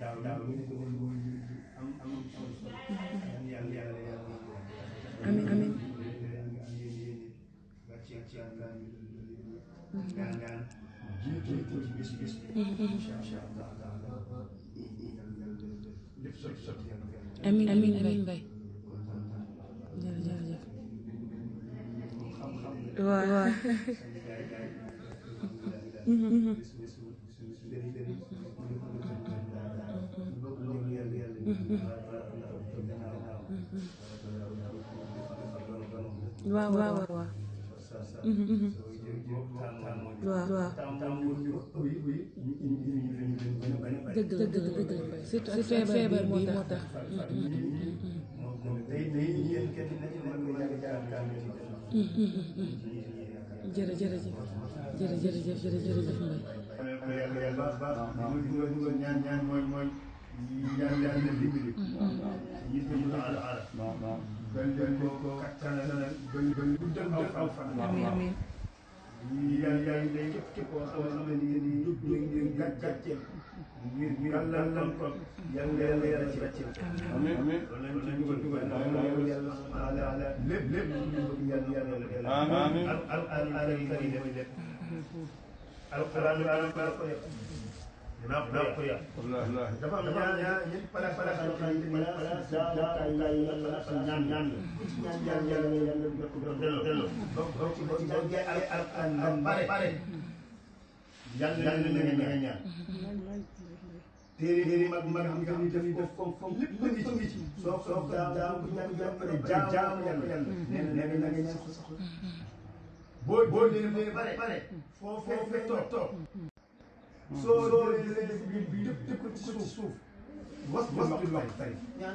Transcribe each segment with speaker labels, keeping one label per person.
Speaker 1: daaw daaw ñu ko woon am am am waaw waaw waaw. waaw waaw. dëgg la dëgg la dëgg la surtout feebar bi moo tax. jërëjëf jërëjëf jërëjëf jërëjëf jërëjëf Mbaye. yal yàlla dimbali. ñu ñu aar aar. gën leen ko ko kattanal gën gën guddal aw fan. amiin amiin. ñu yal yàlla day képp képp koo xam ne nii nii ñu ngi gàcceel. ngir ngir yàlla lan ko. yàlla yàlla yàlla ci gàcceel. amiin amiin. loolu lañ dugal dugal yàlla yàlla subhanahu wa taala lépp lépp ñu yàlla yàlla yàlla. amiin amiin al al al al alquran naaf naaf kuy dafa am ñaar ñaar ñetti palaas palaas yoo xam ne palaas jaakaay la palaas ñaan ñaan la. ci ñaan ñaan yàlla nga yàlla def ko delloo delloo. donc donc boo ci boo jëlee al al ndam bare bare. yàlla yàlla na nga ñaan. téere téere mag mag xam nga ni daf daf foog foog lépp ngi ci ci. soo soo ko daaw bu ñaan jàpp ne jaamu yàlla yàlla. nee na nee na nga ñaan soxla soxla. boo boo jëlee bare bare. foo foo fekk toog toog. soo loolee li nga gis suuf. was was bi wax tey. ñaan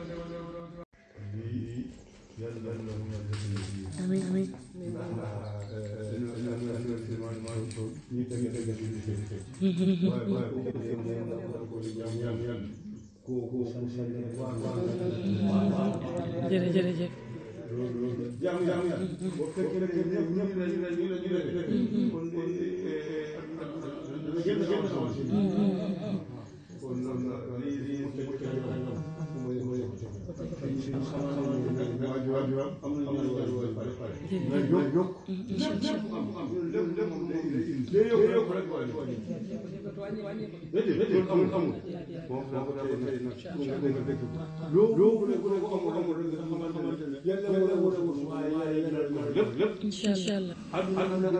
Speaker 1: amiin amiin jërëjëf jërëjëf jërëjëf kon loolu nag lii lii lii ko tëjee ak ñoom mooy mooy ko tëjee. waaw am na ñu war pare pare. nga yokk yokk. lépp lépp am am lépp lépp moom day yokk rek wala déedéet amul amul. bon daa ko daa ko tey nag. loo loo ko amul amul rek nga xamante ne yàlla war a war a lépp lépp. incha allah. adduna adduna nga que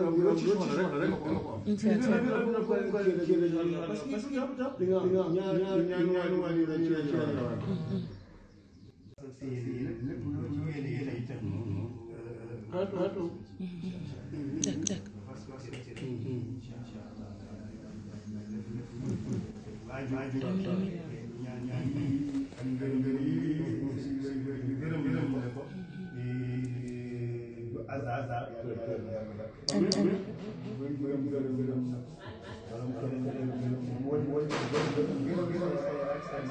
Speaker 1: li nga am ñaar ñaar ñaar ñaar waa yi rek ci lañ ci lañ la war. d'accord d'accord.